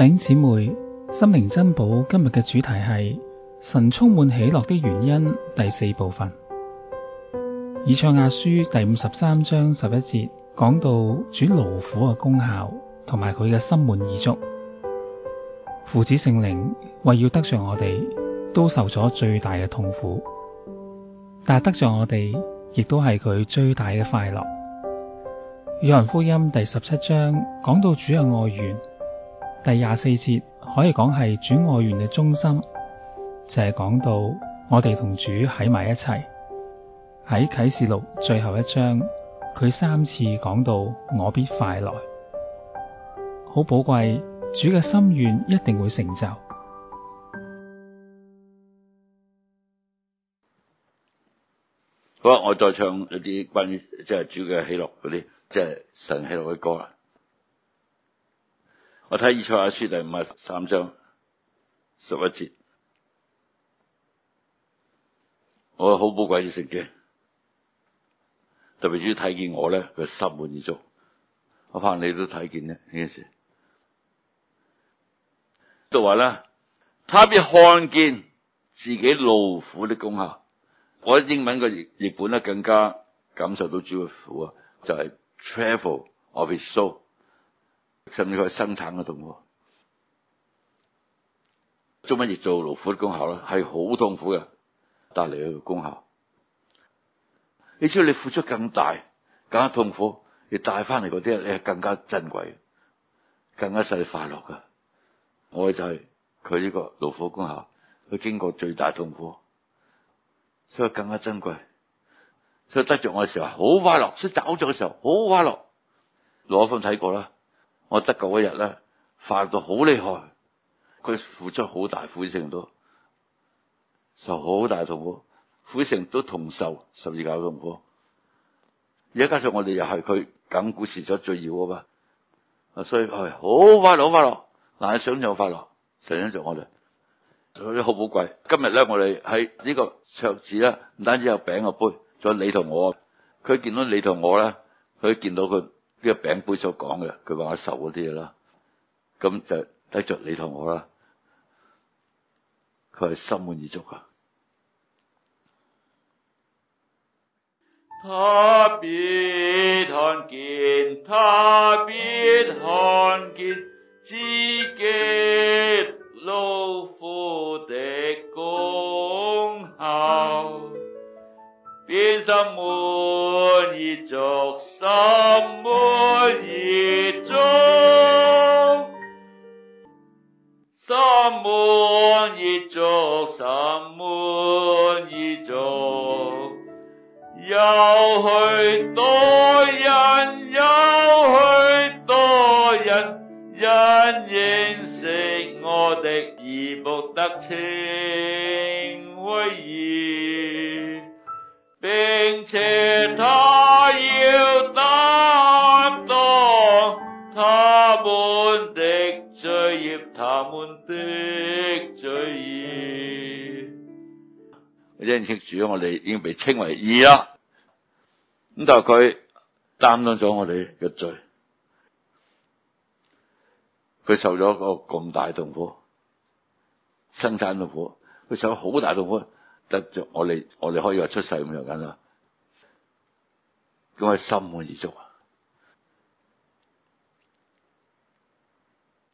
弟兄姊妹，心靈珍寶今日嘅主題係神充滿喜樂的原因第四部分。以賽亞書第五十三章十一節講到主勞苦嘅功效，同埋佢嘅心滿意足。父子聖靈為要得着我哋，都受咗最大嘅痛苦，但係得着我哋，亦都係佢最大嘅快樂。約翰福音第十七章講到主嘅愛願。第廿四節可以講係主外援嘅中心，就係、是、講到我哋同主喺埋一齊。喺啟示錄最後一章，佢三次講到我必快來，好寶貴。主嘅心願一定會成就。好，我再唱一啲關於即係主嘅喜樂嗰啲，即、就、係、是、神喜樂嘅歌啦。我睇以賽亞書第五十三章十一節，我好寶貴嘅聖經，特別主睇見我咧，佢心滿意足。我怕你都睇見呢，呢件事。都話啦，他必看見自己勞苦的功效。我英文個譯本咧，更加感受到主嘅苦啊，就係、是、travail of his soul。甚至佢生產嘅動物，做乜嘢？做勞苦嘅功效咧？係好痛苦嘅，帶嚟嘅功效。你知道你付出更大，更加痛苦，你帶翻嚟嗰啲，你係更加珍貴，更加使你快樂噶。我哋就係佢呢個勞苦功效，佢經過最大痛苦，所以更加珍貴。所以得着我嘅時候好快樂，所以走咗嘅時候好快樂。羅一峰睇過啦。我那天得嗰日咧，發到好厲害，佢付出好大苦情都，受好大痛苦，苦情都同受，十字架痛苦。而家加上我哋又係佢緊古時所最要嘅嘛，啊所以係好快樂，好快樂，難想象快樂，成日就我哋，所以好寶貴。今日咧，我哋喺呢個桌子咧，唔單止有餅有杯，仲有你同我。佢見到你同我咧，佢見到佢。呢、這個餅杯所講嘅，佢話受嗰啲啦，咁就得住你同我啦，佢係心滿意足啊！他必看見，他必看見自己。心滿意足，心滿意足，有許多人，有許多人因認識我的義僕得稱為義，並且他。的罪義。因此主啊，我哋已經被稱為二啦。咁但係佢擔當咗我哋嘅罪，佢受咗個咁大痛苦，生產痛苦，佢受咗好大痛苦，得着我哋，我哋可以話出世咁樣簡單。咁係心嘅意足啊。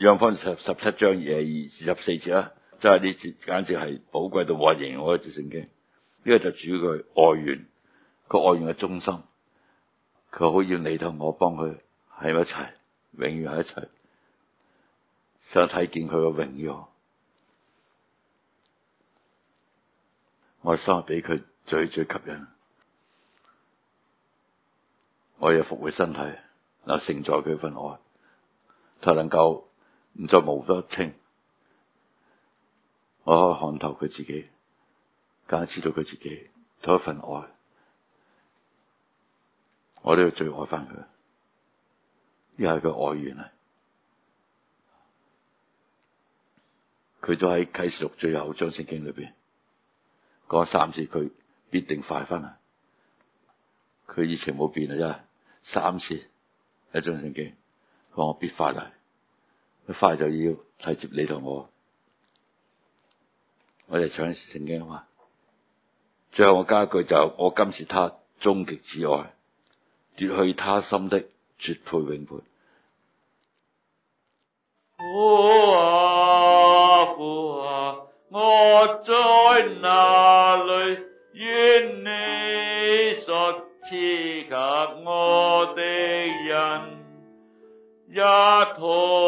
約翰十十七章而二十四節啦，就係呢節簡直係寶貴到話型，我嘅直聖經呢、這個就主佢愛願，個愛願嘅中心，佢好要你同我幫佢喺埋一齊，永遠喺一齊，想睇見佢嘅榮耀，我收俾佢最最吸引，我要復活身體，嗱承載佢份愛，他能夠。唔就冇得清，我可以看透佢自己，梗係知道佢自己有一份愛，我都要最愛翻佢，呢係佢愛源嚟，佢都喺啟示錄最後張聖經裏邊，講三次佢必定快翻嚟。佢以前冇變啊，真係三次喺張聖經講我必快嚟。一快就要提接你同我，我試試，我哋唱聖經好嘛。最後我加一句就：我今是他終極至愛，奪去他心的絕配永配。父啊，父啊，我在哪裡？願你所賜給我的人，若托。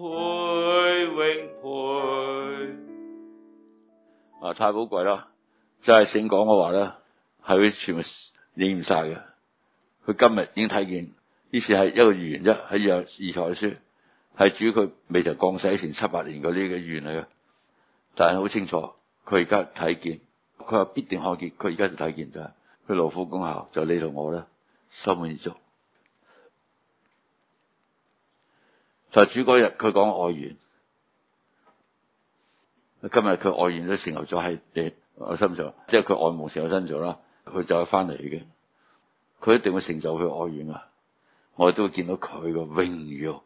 永配太寶貴啦！就係聖講嘅話咧，係會全部應驗晒嘅。佢今日已經睇見，呢次係一個預言啫，喺以賽亞書係主佢未就降世以前七八年嗰啲嘅預言嚟嘅。但係好清楚，佢而家睇見，佢話必定看見，佢而家就睇見咗。佢勞苦功效，就是，你同我啦，心滿意足。就係、是、主嗰日，佢講愛願，今日佢愛願都成就咗喺你我身上，即係佢愛願成就身上啦，佢就翻嚟嘅，佢一定會成就佢愛願啊，我哋都會見到佢嘅榮耀。